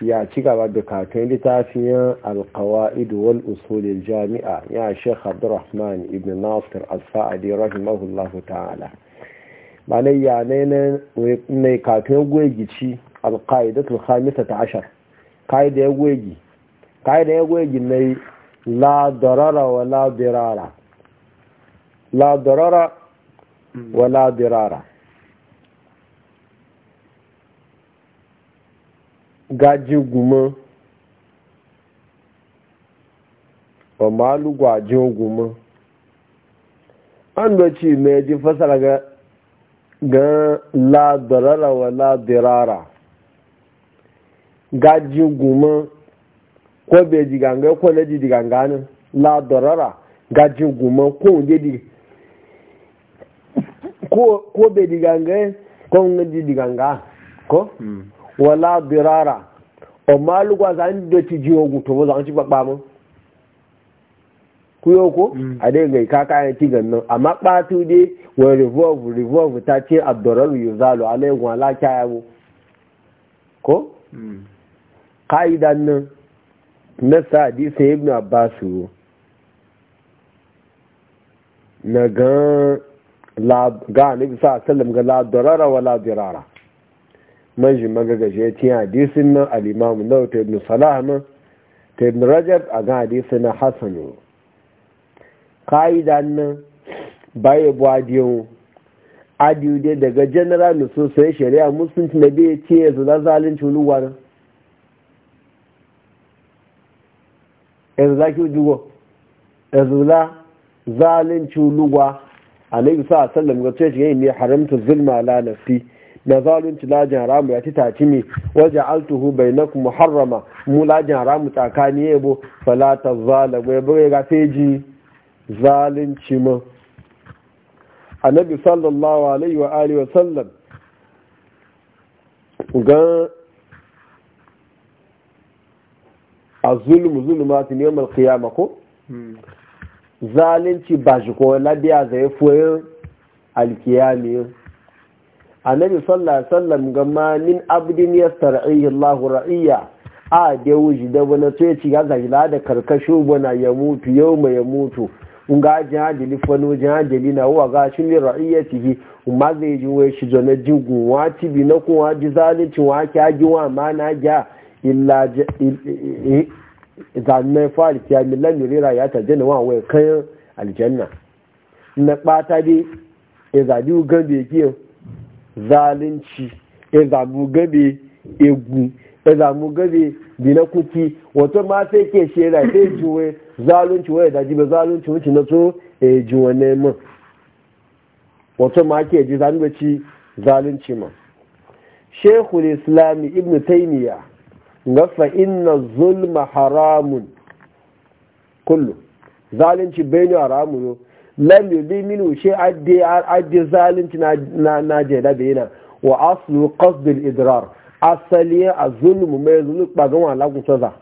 ya ci gaba da katon littafin alkawa'idu wal usulil jami'a ya sheikh abdurrahman ibn nasir al-sa'adi rahimahullahu ta'ala balayya ne ne katon gwegici alka'idatul khamisa ta ashar ka'ida ya ne la wa la wa gaji guma wa malu gwajin guma an doci mai fasara ga ga ladarara wa ladirara gaji guma ko bai ji ganga ko na ji ganga nan ladarara gaji guma ko je di ko bai ji ganga ko na ji ganga ko wala birara amma lugwa za ni da ci jiwo guto ba za ci babba mu kuyo ko mm. a dai ga ka kayan ci gannan amma batu dai wa revolve revolve ta ce abdurrahman yuzalu alaihi wa la kayawo ko mm. ka'idan nan na sa'adi sai ibn abbasu na ga la ga nabi sallallahu alaihi wasallam ga la darara wa la dirara manjin magagaje ya ci hadisin nan alimamu na ta ibn salah nan ta ibn rajab a ga hadisin na hassan ka'ida nan baya bu adiyon adiyu dai daga general nusu sai shari'a musulunci na biya ce ya zuza zalunci luwa nan yanzu za ki jugo yanzu za zalunci luwa a nabi sa sallam ga ce shi ne haramta zulma la nafi da zalunci lajin haramu ya ci taci ne waje altuhu bai na kuma harama mu lajin haramu tsakani ya bo falata zala bai bai ga feji zalunci ma annabi sallallahu alaihi wa alihi wa sallam ga azulmu zulmatu mal kiyama ko hmm. zalunci ba shi ko labiya zai fuyin alkiyami annabi sallallahu alaihi wasallam ga ma min abdin yastar'ihi Allah ra'iya a da wuji da wani to yace ga la da karkasho bana ya mutu yau mai ya mutu in ga ji hadili fano ji hadili na wa ga shi ne ra'iyyatihi umma zai ji wai shi zo na jigun wa ci bi na kuwa ji zalici wa ki a ji wa ma na ja illa zanne fari ya millan yurira ya jana wa wai kayan aljanna na bata bi ya zaɗi gan bege zalunci ya e zamu gabe egu ya e zamu gabe bina kuki wato ma sai ke shera sai juwe zalunci waya daji ba zalunci wuce na so ya e ji neman wato ma ke ji zalunci zalunci ma shekul islami ibn taimiya ga fa inna zulma haramun kullu zalunci bai ne haramun lam yudi minhu shay addi na na da bayina wa aslu qasd al idrar asali azulm mai zulm bagan wa lagun saza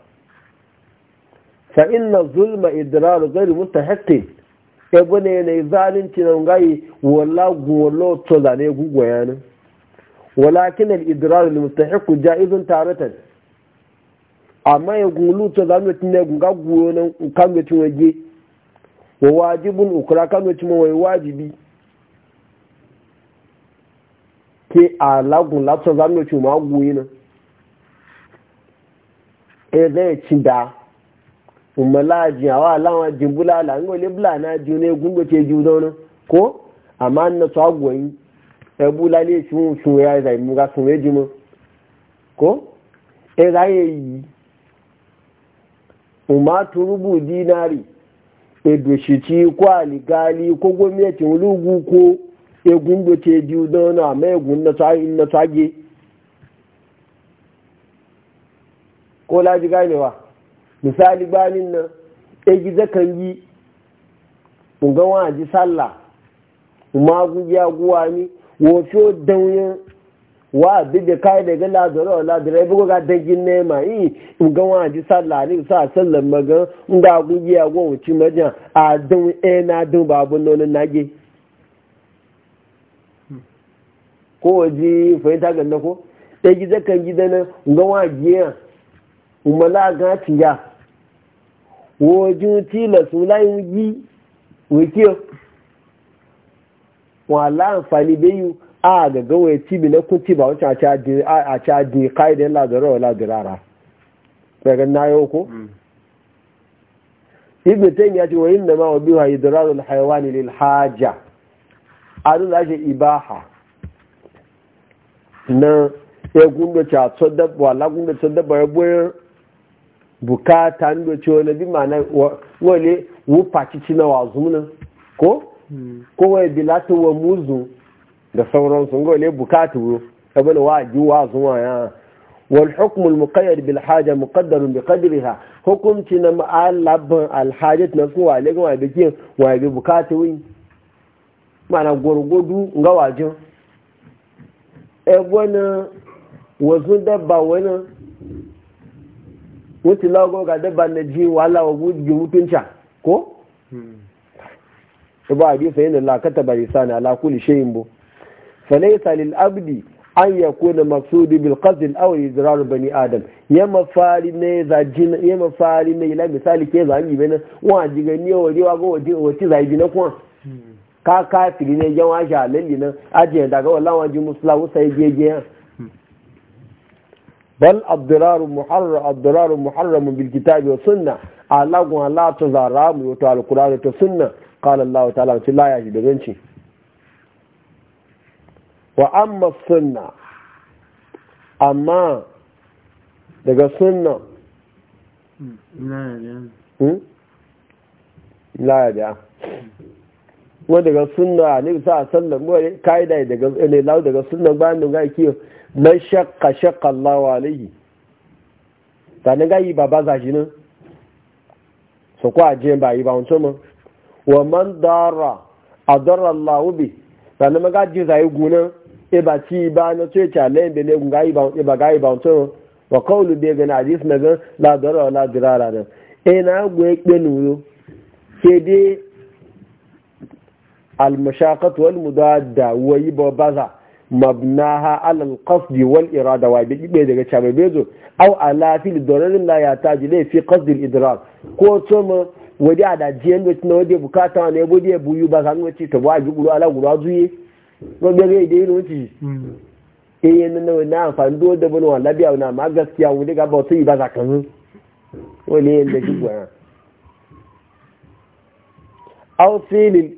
fa inna zulma idrar ghayr mustahiqin ebone ne zalunci na ngai wala golo to zane gugwayana walakin al idrar al mustahiq jaizun taratan amma ya gulu to zanu tinne wa wajibun ukura kano ci mawai wajibi ke a lagun latsa zanen ci ma goyi nan e zai ci da umarlajin awa alawa jimbula ala ngo le bula na ji ne gungo ce ji zaunan ko amma na su agwayi e bula ne ci mun sun ya zai mu ga sun ji mu ko e zai yi umatu rubu dinari edoshici ko aligali ko gwamnatin lugu ko egun gote biyu don na mai egun na ko laji ganewa misali banin na egi zakan yi ungawa ji sallah magu ya guwa ni wofi danyen wa bidda kai da ga la ladoro bugo ga dagin ne ma yi ga wa ji sallah ni sa sallan magan inda gugi a go wuci majan a dun e na dun babun nonon nage ko ji fahimta ga nako da e gida kan gida na ga wa giya umala ga tiya wojun tila sulayin yi wikiyo wa la anfani beyu a ga gawaye cibi na kunci ba wancan a caji ƙa'idin lagarar wa lagarara daga na yau ko? Mm. ibn tayyib ya ce wa da ma da idraru alhayawan lil haja adu da ake ibaha na ya gundo cha to dabba la gundo to dabba ya boye bukata ndo ce wani bi mana wale wu cici na wazuna ko mm. ko wai bilatin wa muzu da sauransu ne bukatu sabon waji wa zuwa ya wal hukmul muqayyad bil haja muqaddarun bi qadriha hukumci na ma'alabin alhajat na su wale ga wabi kin wabi bukatu wi mana gwargwado ga wajen ebe na wasu dabba wani wuce lagogo ga dabba na ji wala wa mutun mutunca ko? Hmm. ba a bisa yin da ba bari sani alakuli shayin bu falaisa lil abdi an ya kuna maksudu bil qasdil bani adam ya mafari ne za ne ila misali ke za yi bana wa jiga ni wa riwa go waje wace za na kuma ka ka tiri ne yan wa sha lalli nan aje daga wallahi wa ji muslawu sai je je bal abdirar muharram abdirar muharram bil kitabi wa sunna alagun ala to zaramu to alquran to sunna qala allah ta'ala la ya ji da ganci wa amma sunna amma daga sunna la ya hmm? wanda daga sunna ne bisa a sallan wani ka'ida daga ne lau daga sunna bayan da gai kiyo man shakka shakka Allah wa alayhi ta ga yi ba ba shi nan so ko aje ba yi ba wancan mo wa man dara adara Allah bi ta ji magaji zai gunan ba ci ba na ce ta lai be le ngai ba ba gai ba to wa qawlu be gana hadis na ga la dara la dirara da e na gwe pe nuru ke de al mashaqat wal mudadda wa yibo baza mabnaha ala al qasd wal irada wa bi be daga cha be zo aw ala fil dararin la ya taji le fi qasd al idrak ko to ma wadi ada jiyan wetin wadi bukata ne wadi e buyu ba san wati to ba ji guru ala guru azuye gogere ide yin wuce eyan nan nawa na amfani duwa da bulwa labiya na ma gaskiya wuri ga ba su yi ba zakan wani yin da shi gwara aw filin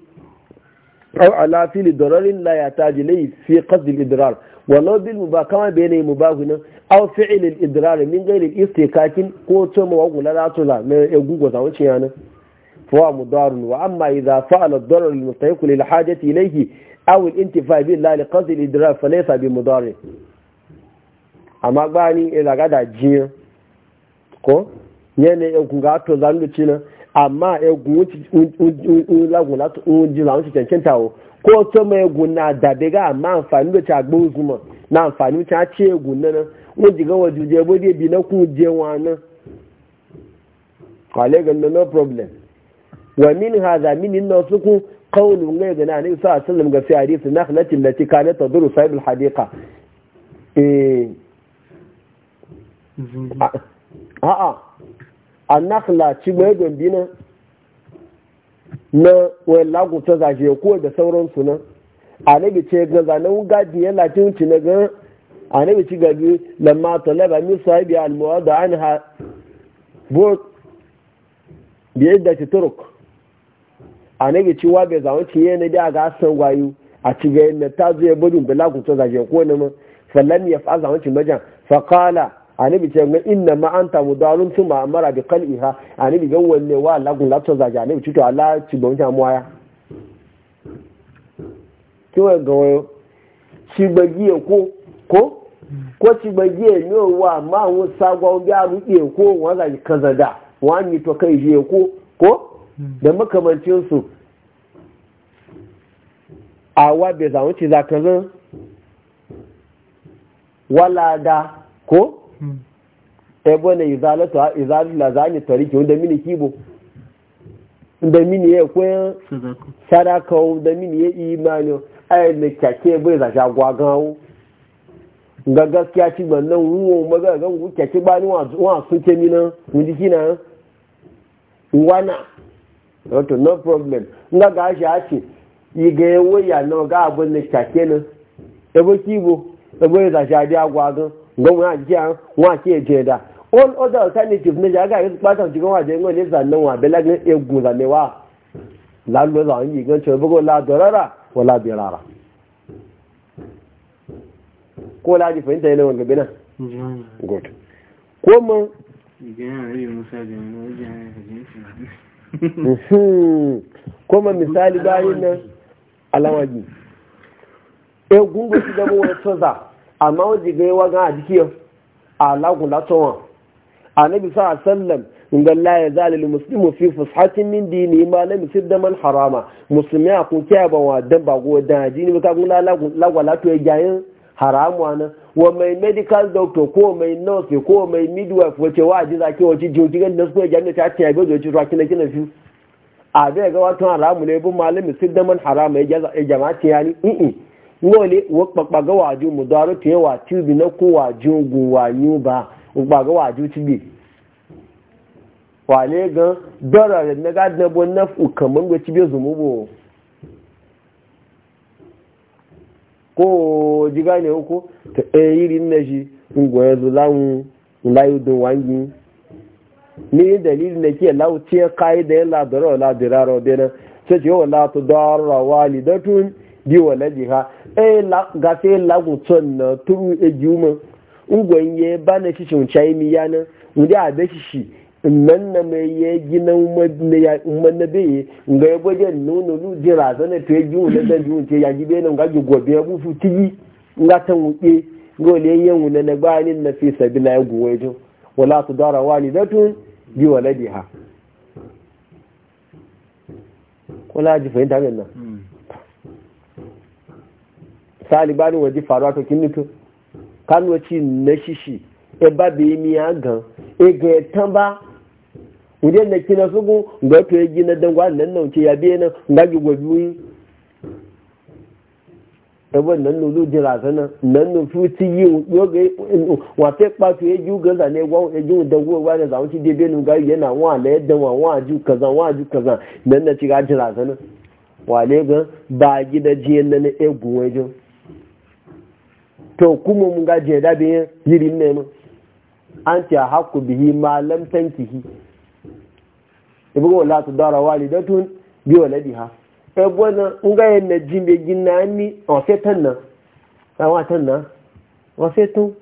aw ala fili dararin la ya taji lai fi qasd al idrar walau bil mubakama bayna mubahuna aw Au al idrar min ghayr al kakin ko to mu wagu la ratu la me egugo za wuce yana fa mudarun wa amma idha fa'ala ad-darar al mustahik lil hajati ilayhi awul intifa billahi li qasdi al-idrar fa laysa bi mudari amma gbani ila gada jiya ko ga to zanu china amma egun un lagun lati un ji la un ti o to me na dabe ga amma anfani do cha na anfani cha chi egun na won ji je bo de na je no problem قول من yana ne sa sallam ga fi hadisi nakhlatin lati kanat tadru sahib al hadiqa eh a a annakla ci mai gombina na wani lagunta zashe ko da sauransu nan anabi ce ga zanen gadi ya latin na gan anabi ci gabi lamma talaba min sahibi al anha annabi ci wa bai zawon ciye ne da ga san wayu a ci ga ne ta zuwa e budun bala ku to zaje ko ne mun fallan ya fa zawon ci majan fa qala annabi ce ga inna ma anta mudarun tuma amara bi qal'iha annabi ga wanne wa Allah kun la to zaje annabi ci to Allah ci bon ta muwaya ki wa ga wayo ci gbagiye ko ko ko ci gbagiye ne wa ma won sagwa bi a e ko wa zaje kazada wa ni to kai je ko ko Hmm. da makamancinsu a wabe zaunci zakarin walada ko hmm. ebe na za a zani tariki wanda mini kibo da mini ya kwayan sadakau da mini ya imani ayin da kyake bai zasha gwagawo ga gaskiya ci ban nan wuwo maza kyake ba ni wa sun ke minan wujiki na wana wato no problem nga ga shi ake yi ga ewe ya na ga abin da ebe kibo ebe ya adi agwa gan ga wani je da all other alternative na jaga yi pata cikin waje ngo ne zannan wa bela gan egun zanewa lalo za a gan ce a dorara wa la birara ko la ji Musa kuma misali bayan nan alawaji e eh, gungo ti dabo wa toza amma waje ga yawa ga ajikiyo alagun latowa a na bisa a sallam inda la ya zalil muslimu fi fushatin min dini ma lam yusid man harama muslimi akun kiyaba wa dan bago dan ajini ba ka gun la lagun lagwa lato ya jayin haramu ana wa mai medical doctor ko mai nurse ko mai midwife wace wa ji zaki wace ji wajen da suka jami'a ta ta yabe wace ruwa kina kina fi a zai ga wata haramu ne bin malami sun da man haramu ya jama'a ta yani i'i ngole wa kpakpaga waju daro ta wa tubi na ko waju guwanyu ba wakpaga waju tubi wale gan dora da na bu na nafu kaman go tibi bu. ko jiga gane ko ta irin nne shi ngwa ezu lawun layu don wangi ni dalilin da ke lauce kai da yan ladarau ladiraro bena sai ce wala tu darra walidatun bi waladiha eh la gafe lagun ton na turu ejuma ngwa nye ba na shi shun chai mi yana ndi abe shi nan na mai ya gina na bai ga ya gwajen nuna lu jira zana to ya ji wani dan jiwon ce ya ji bai nan gaji gobe ya bufu tigi nga ta wuke ga wani yan wuna na bayanin na fi sabi na ya guwa jin wala su dara wani zatun bi waladi ha wala ji fahimta min nan hmm. sali ni waje faruwa to kin nito kanu ci na shishi e ba bai miya gan e ga tan ba wajen na kina sugu ga to yi na dangwa nan na ya biye na ga gi gobi wi ebo nan na lu jira sana nan no fu ti yi wo ga wa te pa to ga za na gwa eju da wo wa da za wuci de benu ga yana wa na da wa wa ju kaza wa ju kaza nan na ci jira sana wa le e ga ba gi da jiyen na egun ejo to kuma mun ga da biye ibugo la tu dara walidatun bi waladiha e bona nga yen na jimbe jinnani o setan na tanna tan na wa setun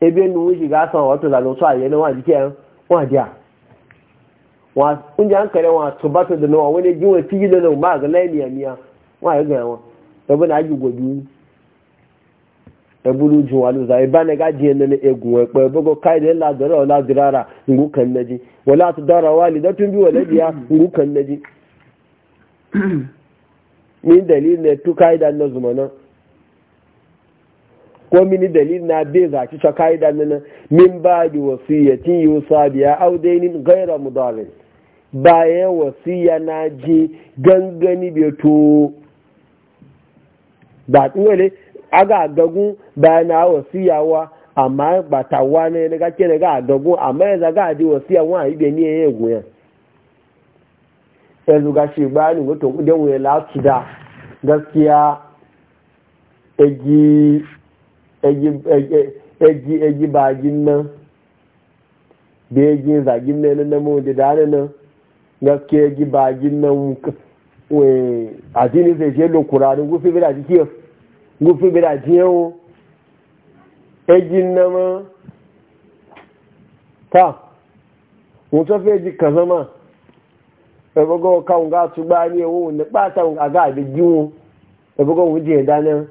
e be nu ji ga san o to la lo so aye na wa ji ke wa dia wa unja an kare wa to bato da no wa ne jiwa tigi da no ma ga lai ni amiya wa ya ga wa to bana ji godu ebulu jin walu zai ba na gaji yanda na egun wai kwa bugo kai da la dara ngu kan naji wala tu dara wali da tun bi ngu kan naji ni dalil ne tu kai da na zumana ko mini na be za ki kai da na min ba di wasiyatin yusa biya au dainin ghaira mudarin bayan wasiya na ji gangani ba aga gagun bayana wasiyawa amma ba tawa ne ga kake na ga gagun amma yanzu ga di wasiyawa a ibe ni yayin goya yanzu ga shi bayani wato kudin wuya latu da gaskiya egi egi egi egi bagin nan da egi zagin nan na mu da dare nan gaskiya egi bagin nan we azini sai je lokura ne gufi bila dikiyar gufi bira jiyawo ejin nama ta mutu fi eji ka zama ẹgbogbo kawun ga tugba ni ewu ni pata aga abi jiwo ẹgbogbo e ohun jiye dana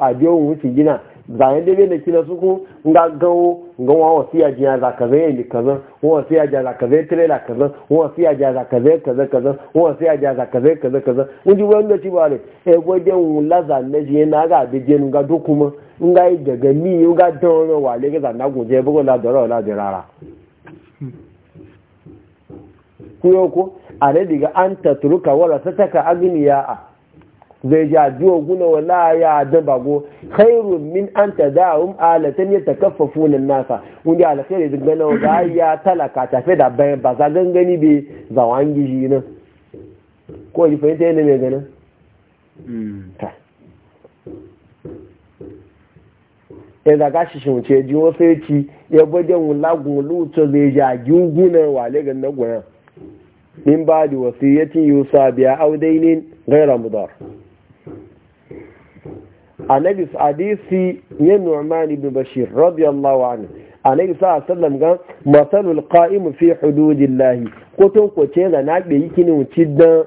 adi ohun ti gina zayen debe na kina suku nga ganwo nga wa wasiya jiya za ka zai ni kaza wa wasiya jiya za ka zai trailer kaza wa wasiya jiya za ka zai kaza kaza wa kele jiya za ka zai kaza kaza mun e ji wanda laza ne je na ga de je nga dokuma nga yi daga ni nga ga don wa le ga na gun je bugo la doro la de rara kuyo ko are diga wala sataka agniya zai ja biyo guna wala ya da bago khairun min an ta da ta um alatan ya takaffafu nan nasa wani alkhairi duk ganin ga ya talaka tafe da bayan ba za gangani bai zawan gishi nan ko yi fahimta yana mai ganin hmm. ta ya zaga shi shi wuce ji wasu ya ci ya bajen wulagun lutu zai ja gunguna wale ga na gwanan min ba da wasu ya ci yusa biya audainin gaira mudar. annabi hadisi ya nu'man ibn bashir radiyallahu anhu annabi sallallahu alaihi ga masalul qa'im fi hududillah ko to ko ce na be yi kini wuci dan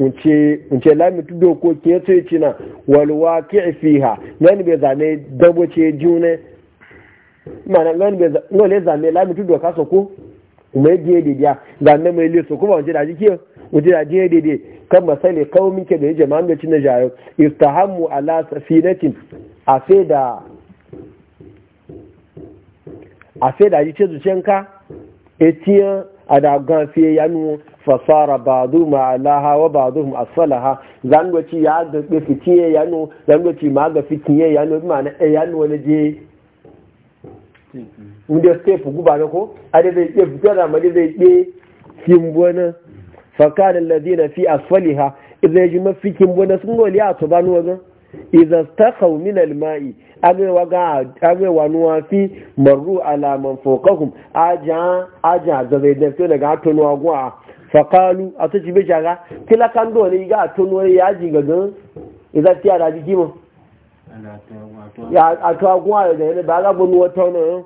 wuce wuce lami tudo ko ke to yi na wal be zame daboce june mana nan be no zame lami tudo ka so ko mai je diya zame mai le so ko ba wuce wuce da jiya daidai kan masali kawo ke da jama'an da cin na jayo istahammu ala safinatin a sai da a sai da jice zuciyanka etiyan a da gafiye ya nuno fasara zu ma alaha wa badu ma asfalaha zangoci ya ga fitiye ya nuna zangoci ma ga fitiye ya nuno ma na ya nuno wani je hmm. mun da step guba na ko a da zai iya fitar da ma zai iya fimbo na fakanin ladina fi asfaliha idan ya ji mafikin wani sun goli a tubanu wajen idan ta kaumin alma'i agaiwa nuwa fi maru alaman fokakun ajiyar ajiyar da zai dafi daga atonuwa guwa fakalu a ta ci bishiya ga tilakan dole ga atonuwa ya ji ga gan idan ta yada jiki mu a da zai ne ba ga bunuwa ta wani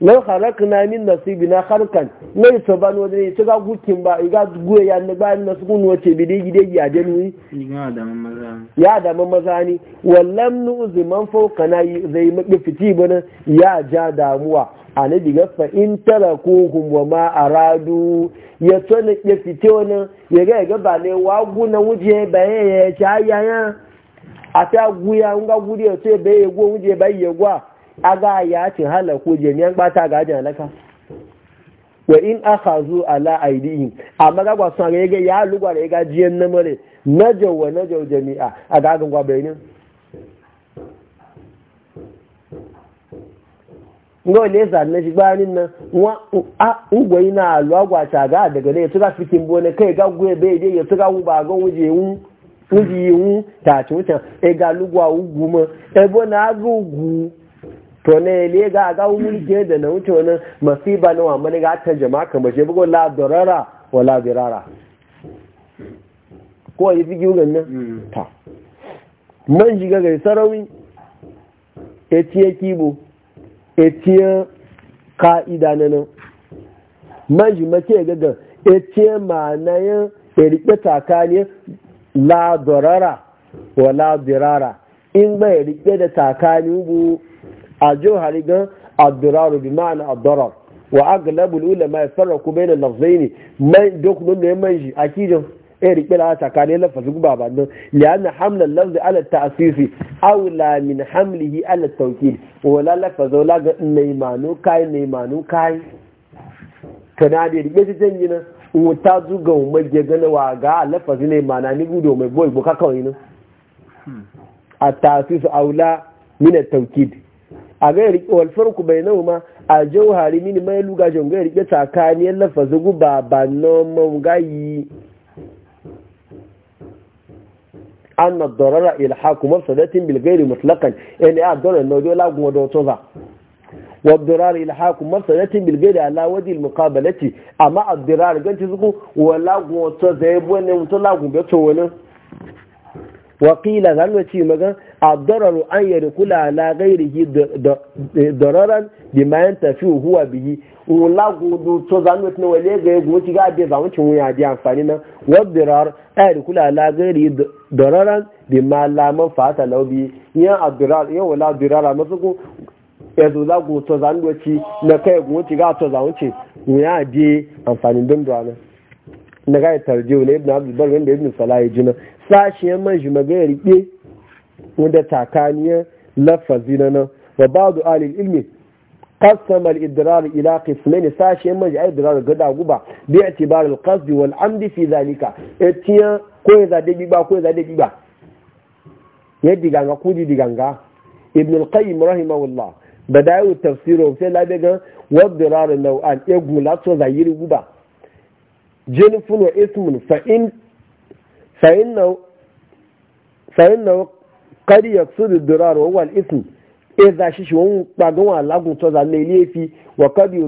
lau na min nasibi na harkan mai to ban wajen ya ga gukin ba ya guye ya ne bayan na sukun wace bide gide ya denu ya da maza ne wallam nu ziman fauka na zai maɗi fiti bana ya ja damuwa a na diga fa in tara kohun wa ma aradu ya tona ya fiti wani ya ga ya ga ba ne waguna wuje bayan ya ci a ta guya nga gudu ya ce bai ya guwa wuje bai ya guwa aga ya ce halaku jami'an bata ga ajin halaka wa in aka zo ala aidi amma ga gwa sun ga ya lugwa da ga jiyan na mare najaw wa najaw jami'a a ga gwa bayanin ngo na shi bayanin na wa a na alu agwa ta ga daga ne tuka fikin bone kai ga gwe bai je ya tuka uba ga wuje wu wuje wu ta tuta e ga lugwa e bo to ne ne ga ga wulke da na wuce wani masiba na wa mani ga ta jama'a kamar shi bugo la darara wa la dirara ko yi fiki ugan nan mm. ta man shiga ga sarawi tiye kibo tiye ka'ida na nan man shi mace ga tiye etiye ma'anayin erike takaniyar la darara wa la dirara in bai rike da takani bu a johari gan adduraru bi ma'ana addarar wa aglabul ulama ya farraku bai da lafzai ne man dokunan da ya manji a kijin ya riƙe da tsakanin lafazin guba ba don liyanin hamlan lafzi ala ta'asisi aula min hamlihi ala tawkid wala lafazau la ga naimanu kai naimanu kai kana da riƙe shi can gina wuta zuga wa ga lafazi ne mana ni gudu mai boy buka kawai nan a ta'asisi aula min tawkid a ga yari walfar ku bai nau ma a jau hari mini mai luga jan ga yari ke tsakani yan lafazin guba ba nomon gayi an na dorara ilha kuma sadatin bilgairi mutlakan yani a dora na wajen lagun wa doto ba wa dorara ilha kuma sadatin bilgairi ala wadi ilmukabalati amma a dorara ganci zuku wa lagun wa to zai buwa ne mutu lagun bai to wani wakila za mu ce magan dararu an yari kula na yi dararan bi mayan tafi huwa biyi wula gudu to za mu tuna wale ga ya guci ga abin za mu ci wuya bi amfani na wadirar an yari kula na yi dararan bi ma laman fata laubi yan abdurar yan wula abdurar a matsugu ya zo za gudu za mu ci na kai guci ga to za mu ci wuya bi amfani don duwanan na ga tarjiyo na ibn abdulbar wanda ibn salah ya jina sashe man shi magaya riƙe wanda takaniyar lafazi na nan wa ba da alil ilmi kasamar idirar ila kismai ne sashe man shi a idirar ga dagu ba bi a tibar alkasbi wal amdi fi zalika etiyan ko ya zade bi ba ko ya zade bi ba ya diganga ko di diganga ibn alqayyim rahimahullah bada'u tafsirun sai labe ga wadirar nau'an egun latsu zayiri guba jinfun wa ismun fa in fa'inna kari ya su da durar wa wal ism e za shi shi wani kpagan wa lagun to za ya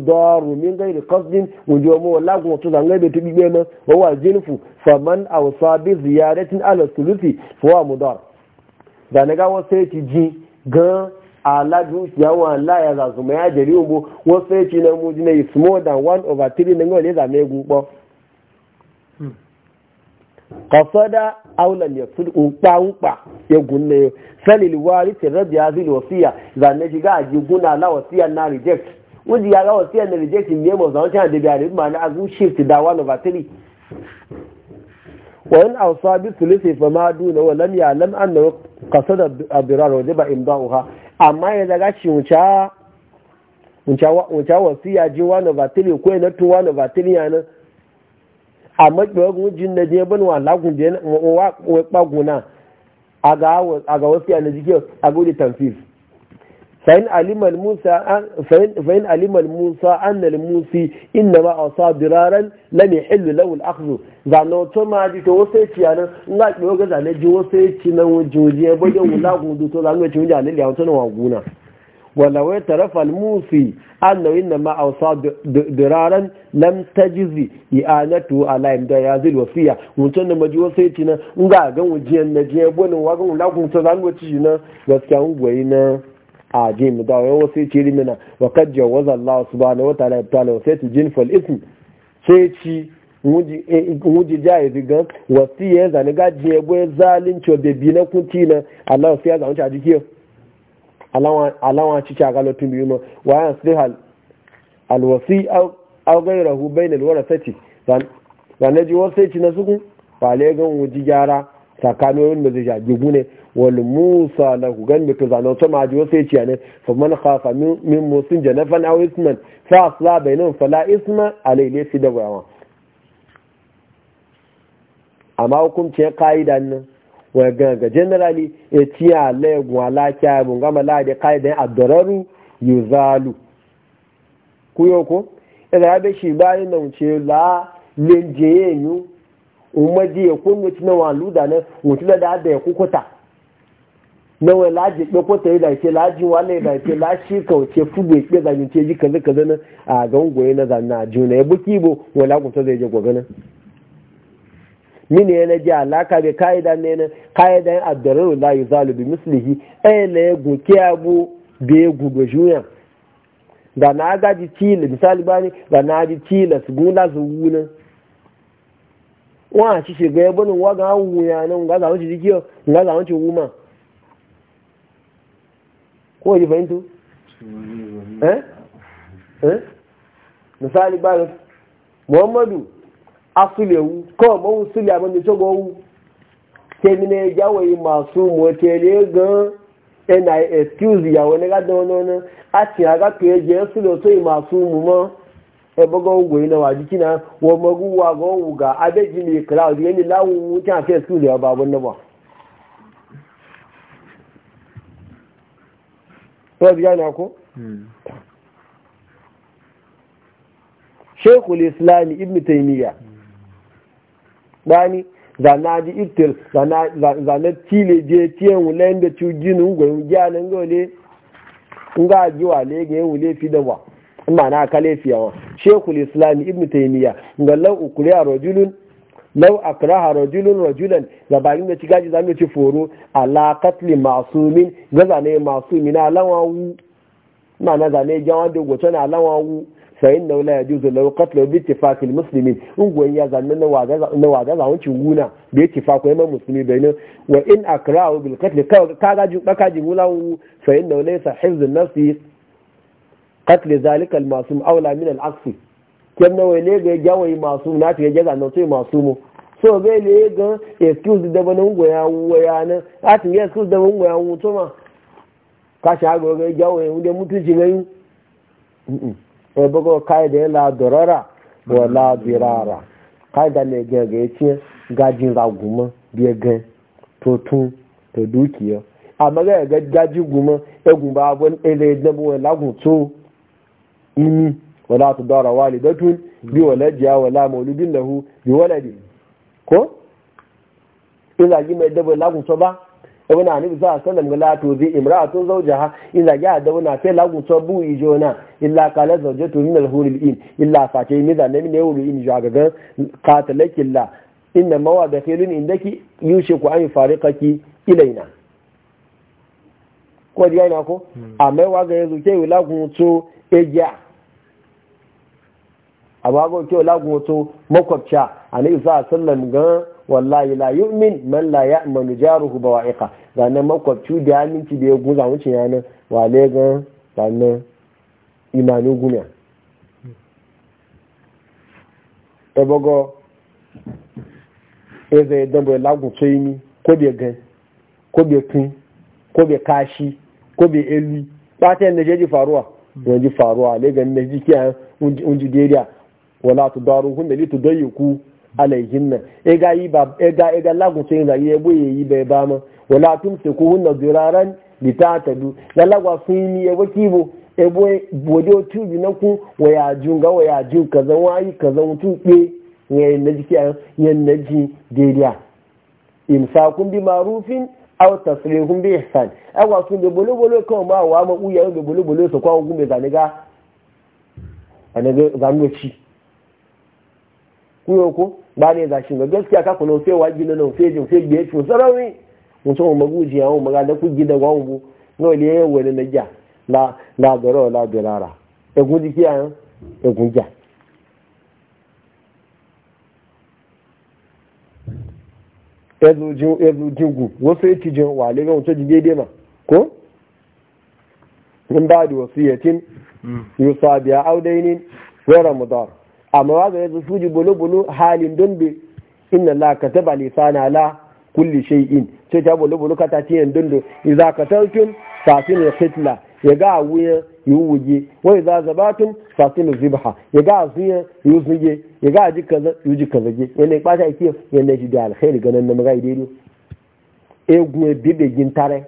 daru min gai da kasdin wujo mu wa lagun to za ngai da tubi gbe ma wa wa jinfu fa man awsa bi ziyaratin ala sulusi fa wa mudar da na ga wasu ya ci wasu na mu ji na is more than one over na qasada aw lam yaqsid unpa unpa ya gunne salil warith radi hadhihi alwasiya zanne shiga ji guna la na reject wuji ya ga wasiya na reject ne mo zan ta da biyar ma na azu shift da one over three wa in awsa bi thuluthi fa ma duna wa lam ya'lam anna qasada abrar wajiba imda'uha amma ya wuce ji ko amma kiwagun jin na je bin wala kun je wa guna a ga wasu yana jike a gudu tamfif fa'in alimal musa na musi inna ma ausa biraran lam yahillu lahu al-akhdhu zano to ma ji to wasu yaci yana nga kiwagun zane ji wasu ci nan jojiye bayan wala kun to zano ci wunja ne liya to na waguna walawai tarafa al-musi annahu inna ma awsa diraran lam tajzi i'anatu ala imda yazil wasiya mutun da maji wasaiti na nga ga wujiyan na je bonin wa ga wala kun ta zan wuci na gaskiya ungwayi na a je mu da wai wasaiti rimina wa kad jawaza Allah subhanahu wa ta'ala ta'ala wasaiti jin fal ism sai ci wuji jaye diga wasiya zaniga je boye zalunci da bi na kunti na Allah sai ya a jikiyar alawa ci a galopin biyu ma wa yan sihal alwasi au gairahu bainal sati? zane ji wasu ci na suku ba le gan wuji gyara tsakanin wani da zai shaji ne. wani musa na ku gan mutu zanen to ma ji wasu ci ne fa mana kafa min musin janafan aw isman fa asla nan fala isma alayhi fi dawawa amma ya kaidan nan wagaga generally e tiya legun bu nga ma laade kaidan addararu yuzalu kuyoko da be shi bayan na ce la lenjeye yu umaji ya kunyo tina wa luda na mutula da da ya kukuta na wai laji ɗo kota yi dace laji wale dace lashi kauce fudu ya ƙi zanyi ce ji kaza kaza na a ga gangoye na zanna juna ya buki bo wala kunta zai je gogana mini ene ji alaka bai ka'ida ne ka'ida yin addarar la yi zalu bi mislihi ɗaya na ya gunke abu da ya gudu juyan da na gaji chile, misali bani da na gaji cila su gula su wunan wa shi shiga ya bani wa ga wuya nan ga zamanci jikiyo ga zamanci wuma ko yi fahimtu eh eh misali bani muhammadu afulewu kawai mawun sule abin da shagowu sai mina ya e na ya wee gada wani a aga ke je sule so yi masu mu ma e ebe ga ugwe na ga wuga abeji ne crowd yani lawu wuce a ya ba Sọ́ọ̀ bí yára kó? bani zana ji itil zana cile je tiye wule da cuji nun gwe wujiya nan gole nga ji wale ga yin wule fi da wa amma na kale shekul islam ibn taymiya ga law ukriya rajulun law akraha rajulun rajulan da bayin da cigaji zamu ci foro ala qatli masumin ga zane masumina lawawu mana zane jawan da goto sayin da wula ya juzo lau katlo bi tifakil musulmi ungoyin ya zanne na waga zawancin guna da ya tifaku yamma musulmi bai ne wa in akrahu bil katli kagajin bakajin wula wu sayin da wula ya sa hizbin nafsi katli zalikal masu aula min al'aksi kyan na wale ga gyawayi masu na ta gyaza na sai masu mu so bai ne ga excuse da bana ungoya wuya na a tun yi excuse da bana ungoya wutuma ka shago na yi e bugo kaida la dorara wa la dirara kaida ne ga ga yace gajin raguma biye ga to tun to dukiya amma ga ga gaji guma egun e e ba ele lagun to imi wala tudara walidatun bi waladiya wala mauludin lahu bi waladi ko ila ba wani anabi za a sanar la to zai zauja ha ina ya da wani fe lagun to bu ijona illa qala zawjatu min al-huril in illa fata kai mi zanne mi ne wuri in ja ga la inna mawa da khilun indaki ku an fariqaki ilaina ko diga ina ko hmm. amma wa ga yanzu kai lagun to eja amma go yi lagun to makwabta anabi za a sallam ga wallahi la yu'min man la ya'manu jaruhu bawa'iqa zanen makwabci da aminci da ya guza wucin yana wale ga zanen imanin gumiya ebogo eze idan bai lagun tsoyini ko bai gan ko bai kun ko bai kashi ko bai elu ta yadda jeji faruwa don ji faruwa le ga na jikiya unji daidai wala tu daru hunna li tu dayyuku alaihin nan ega yi ba ega ega lagun sai da e yi ebo yi bai ba ma wala tum se ku hunna duraran bi ta ta du la lagwa sun ni ebo bo ebo e bode e, o tubi na ku waya junga waya jun kaza wayi kaza mutu be ne na jiki an yan na ji deriya kun bi marufin aw tasrihun bi ihsan agwa sun be bolo bolo kan ma wa ma uya be bolo bolo so kwa gun be zaniga anaga ga ci kuyo ko ba ne zashi ga gaskiya ka kuno sai waji na nan sai jin sai biye ci sarawi mun so mu guji ya mu magana ku gida gwa mu no le wani na ja la la garo la birara e guji kiya e gunja ezu jingu e wasu yake jin wale ga wuce jige ma ko in ba da wasiyatin mm. yusa biya audainin wera mudar amma wa ga yanzu suji bolo bolo halin don be inna la lisa lisana la kulli shay'in sai ta bolo bolo kata ci za dondo idza kataltum fatin Hitler ya ga wuya yuwuje wa idza zabatun fatin zibha ya ga zuya yi zuge, ya ga ji kaza ji kaza ge yana ba ta yake yana ji da alkhairi ganin na magai dai egun e bebe gin tare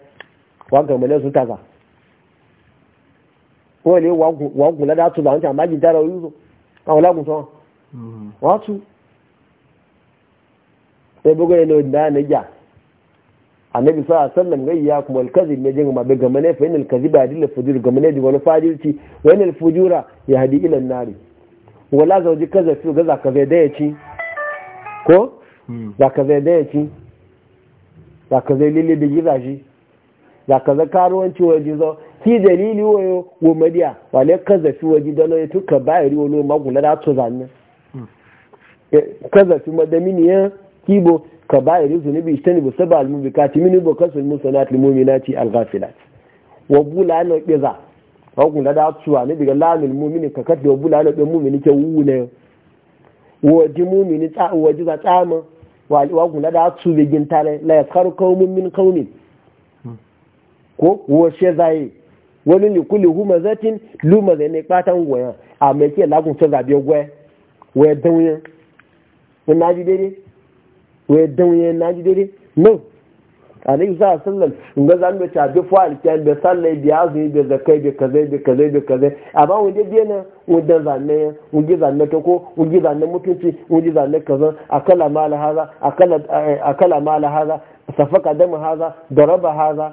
wa mele su taza ko le wa wa gula da su da wancan magin gin tare yuzo àwọn lágùntàn mm-hmm. wọ́n tú ẹgbogbo ẹ̀lọ ìdánilẹ́jà annabi sa sallam gai ya kuma alkazi ne jin ma daga mane fa inal kaziba dil fujur ga mane di wani fajirci wa karuwanci fi dalili wayo wa madiya wa ne kazafi waje dano ya tuka bayari wani magula da to zanne hmm. kazafi madamini ya kibo ka bayari zunubi ta ne busaba almubikati mini na kasul musanat ci alghafilat wa bula na kiza magula da to wa ne daga lamil mumini ka kadda wa bula na mumini ke wune waji mumini tsa waji za tsama wa magula da to bigin tare la yaskaru qaumun min qaumin hmm. ko wo shezaye wani likuli huma zatin luma zai ne kpatan goyon a mai ke lagun ta zabe gwe wai dauyen wai na ji daidai wai dauyen na ji daidai no a nai sa sallan in a zan bace abi fa alkiyan da sallai biya azumi da zakai da kaza da kaza da kaza amma wani dai biyana wanda zanne wani zanne ta ko wani zanne mutunci wani zanne kaza akala mala haza akala eh, akala mala haza safaka dama haza daraba haza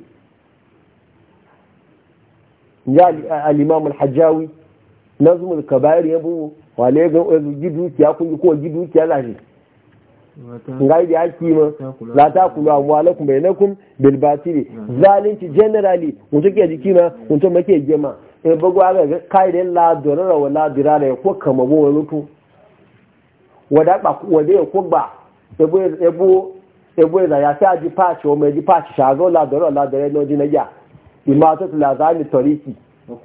ya al-imam al-hajjawi nazmul kabair ya bu wale ga dukiya kun ko dukiya lashi ngai da yaki ma la ta kulu amwalakum bainakum bil batil zalunci generally mutum ke jiki ma mutum make gema in bugu aga ga kaidan la dorara wala dirara ko kama bo wani wada ba ko wada ko ba ebo ebo ebo da ya ta ji patch o me ji patch shago la dorara la dorara no dinaja imatatu la zami toriki wa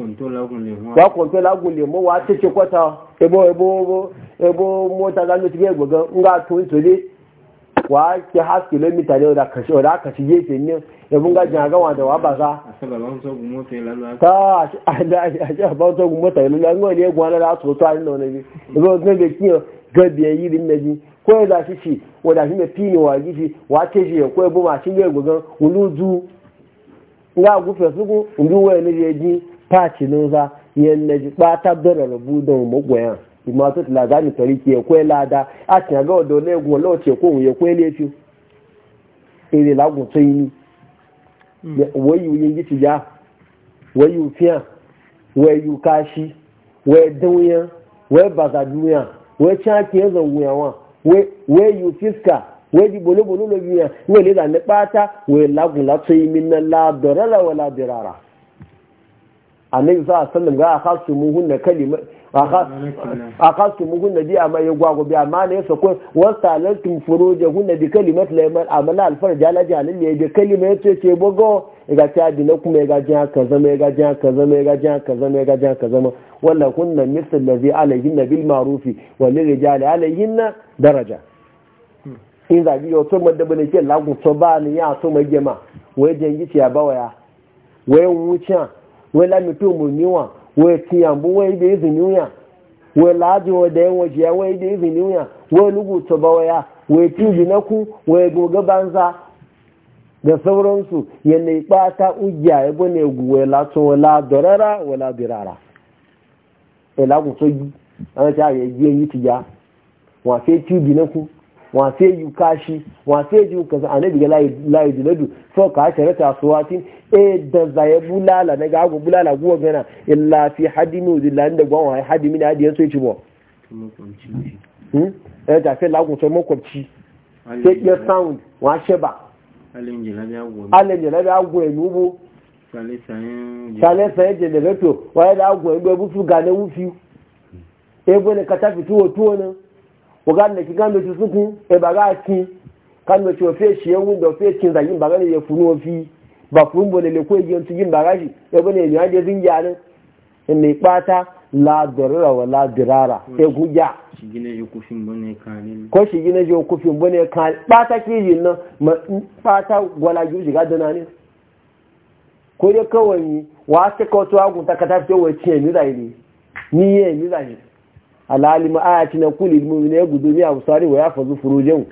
kwanto lagun lemo wa ta ce kwata ebo ebo ebo mota za mu tige gogo nga tun tole wa ke half kilomita ne da kashi da kashi gefe ne ebo nga jin ga wanda wa ba za ta a da a ba to gu mota lalu ngo ne gwa la to to an no ne ebo ne be kiyo gabi yi din ne ji ko da shi shi wa da shi ne fini wa gishi wa ce shi ko ebo ma shi ne gogo uluzu nga gu fesugu ndi we ne yeji pachi noza yen ne ji pata dora rabu don mogwayan ima to tila gani tori ki e kwe lada a ti aga odo le gun lo ti e ko ye kwe le fi ere la gun to yin hmm. wo yu yin ji ti ja wo yu fian wo yu kashi wo dunyan wo bazaduyan wo cha ki ezo wuyan wa wo yu fiska wai di bolo bolo lo biya wai le da ne pata wai lagun la tsayi min na la darara wala dirara annabi sa sallam ga akhasu na kalima akhasu muhunna bi amma ya gwago bi amma ne sa ko wasalantum furujahunna bi kalimat la yamal amala al jala ala jalil ne bi kalima yace ce bogo ga ta dina kuma ga jan ka zama ga jan ka zama ga jan ka zama ga jan ka zama wala kunna mithl ladhi alayhinna bil ma'ruf wa rijali alayhinna daraja in zabi yau to madda bane ke lagu to ba ni ya to magema wai jengi ti ya bawaya wai wucha wai la mitu mu niwa wai ti ambu wai de iziniya wai laji wa da yan waje wai de iziniya wai lugu to bawaya wai tinji na ku wai goga banza da sauransu yana ɓata ugiya ya bane guwe lato wala dorara wala birara ila ku so yi an ta yi yi ti ja wa fe tubi na ku wafe yi kashi wafe ji ka za a nabi ga layi jinadu so ka haka rata suwatin e da zaye bulala na ga agwa bulala guwa gana illa fi hadimi wa zillahi da gwan wani hadimi na hadiyar sai ci bo ya hmm? eh, tafi lagun sai makwabci sai iya sound wa sheba alin jalabi agwa ya nubo salisayen jalabi to wani da agwa ya nubo ya bufu gane wufi ebe ne ka tafi tuwo tuwo nan waga na ki gano ti suku e baga ki kano ti ofe shi ewu da ofe kin da yin baga ne ya funu ofi ba fun bole le ko yin tigin baga shi e bone ni ade zin ya ne ne pata la darara wa la dirara e guja shi gine yo kufin bone kanin ko shi gine yo kufin bone kan pata ki yin na pata gwala ju shiga dana ne ko dai kawai wa ta kawo to agun ta ka tafi wa ce ni da ni ni ye ni da alhali ma'ayaci na kuli ilmumi ne ya gudu ne a musari wa ya fazu furujen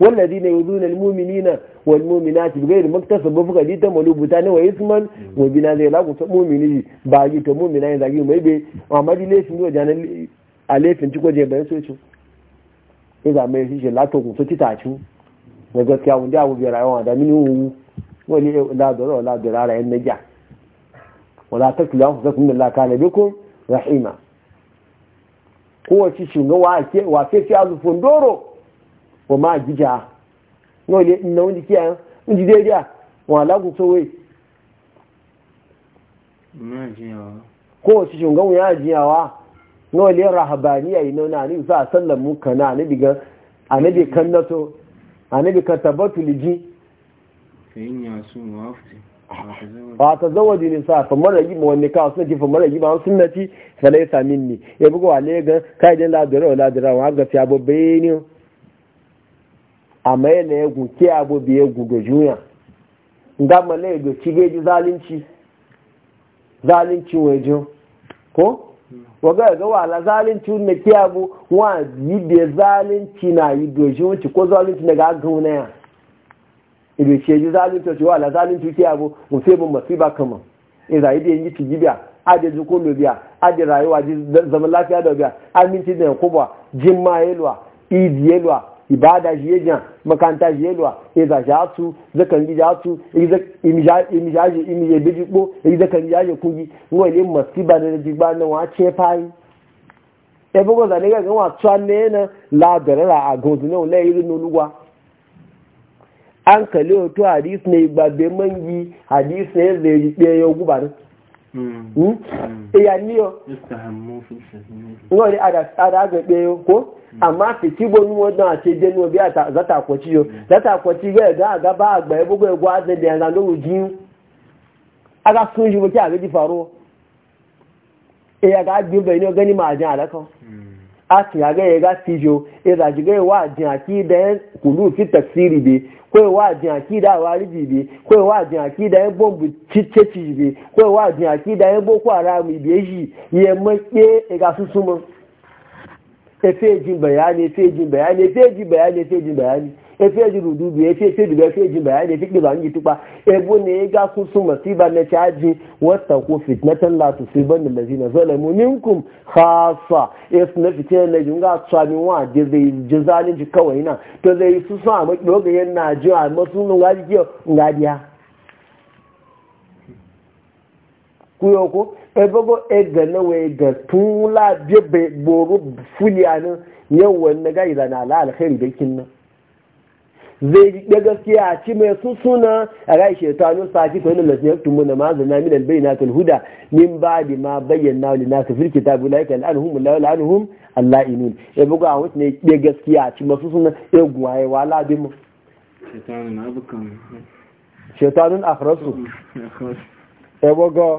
wallazi ne yanzu na zunar ni na walmumi na ci bugai da maktasa bufuka dita malubuta ne waye isman wa bina zai lagu ta mumi ne ba a gita mumi ya yin zagi mai bai a madi lefin yau janar a lefin ci kwaje bayan soci ya zama ya shi lato kun so ci ta ci na gaskiya wanda abu biyar rayuwa da mini wuwu wani ladara wa ladara rayuwa na gya wala ta kula za ku nuna lakana bikin rahima kowace shiga wa ke fi azufin doro wa ma gija yau ne ina wani kiya inji daidai wa lagun sowe kowace shiga wani ya jiyawa yau ne rahabaniya yi na ne a sallan muka na anabi ga anabi kan nato anabi kan tabbatu liji ka yi yasu wa hafi fatazawaju nisa fa maragi ma wani kawo sunnati fa maragi ma sunnati fa laysa minni ya buga wale ga kai da ladara wala ladara wa ga fi abo beni amma yana ya guke abo ya gugo juya male ga waga ga wala zalunci ne ke wa yi be zalunci na yi ko zalunci daga ga ya. ibe ce ji zalunta cewa la zalunta ke abu mu sai mun masiba kama in zai da yanki ci gibiya ade ji ko biya ade rayuwa ji zaman lafiya da biya aminci da kubwa jimma yelwa idi yelwa ibada ji yejan makanta ji yelwa e za ja su zakan gi ja su imi ja imi ja imi ye biji ko e zakan ja je kungi ngo ile masiba da ji ba na wa ce fai e bugo za ne ga wa tsanne na la darara a gozu ne le irin nuluwa an kalli otu hadis ne ba bai mangi hadis ne zai yi ɗaya yau guba ne iya ni yo ngori ada ada ga ɗaya yau ko amma fi ki bo ni a ce denu bi ata zata kwaci yo hmm. zata kwaci ga ga ga agba e na ji aga sun ji bo ki aga ji e ga ni ma ajan alaka hmm. asin aga ya ga fijo ya zaji ga wa jin akida yan kulu fi tafsiri bi ko wa jin akida wariji bi ko wa jin akida yan bombu cicce ci bi ko wa jin akida boko haram bi yi ye e ga susumo e fejin bayani fejin bayani fejin bayani fejin bayani efe ji rudu bi efe efe dubu efe ji bayani efe kiba nji tukpa ebo ne ya e ga kusu masiba na caji wata ko fitnatan la tu siban da lazina zalamu minkum khasa es na fite na ji nga tsami wa je zai je ji kawai na to zai su sa ma doga yan na ji a masu nga ji nga dia kuyo ko e ebogo ega na we e ga tun la bi be boru fulianin yau wani ga izana ala alkhairi da kinna zai ji da gaskiya ci mai sun suna a rai shaitanu saki ko yana lafiya tumu na mazan na minan bai na huda min ba bi ma bayyana wani nasu fil kitabu la yakal anhum la anhum allah inun ya buga a wasu ne da gaskiya ci mai masu suna ya guwaye wa labin mu shaitanun abukan shaitanun akhrasu ya buga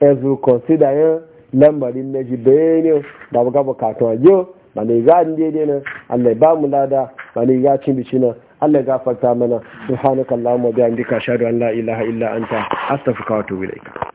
ya zu consider yin lambarin na ji jibenin da buga bukatuwa yau ba ne za a daidai nan allai ba mu lada ba ne ya cin bici nan Allah ya gafarta mana subhanakallahumma wa bihamdika ashhadu an la ilaha illa anta astaghfiruka wa atubu ilaik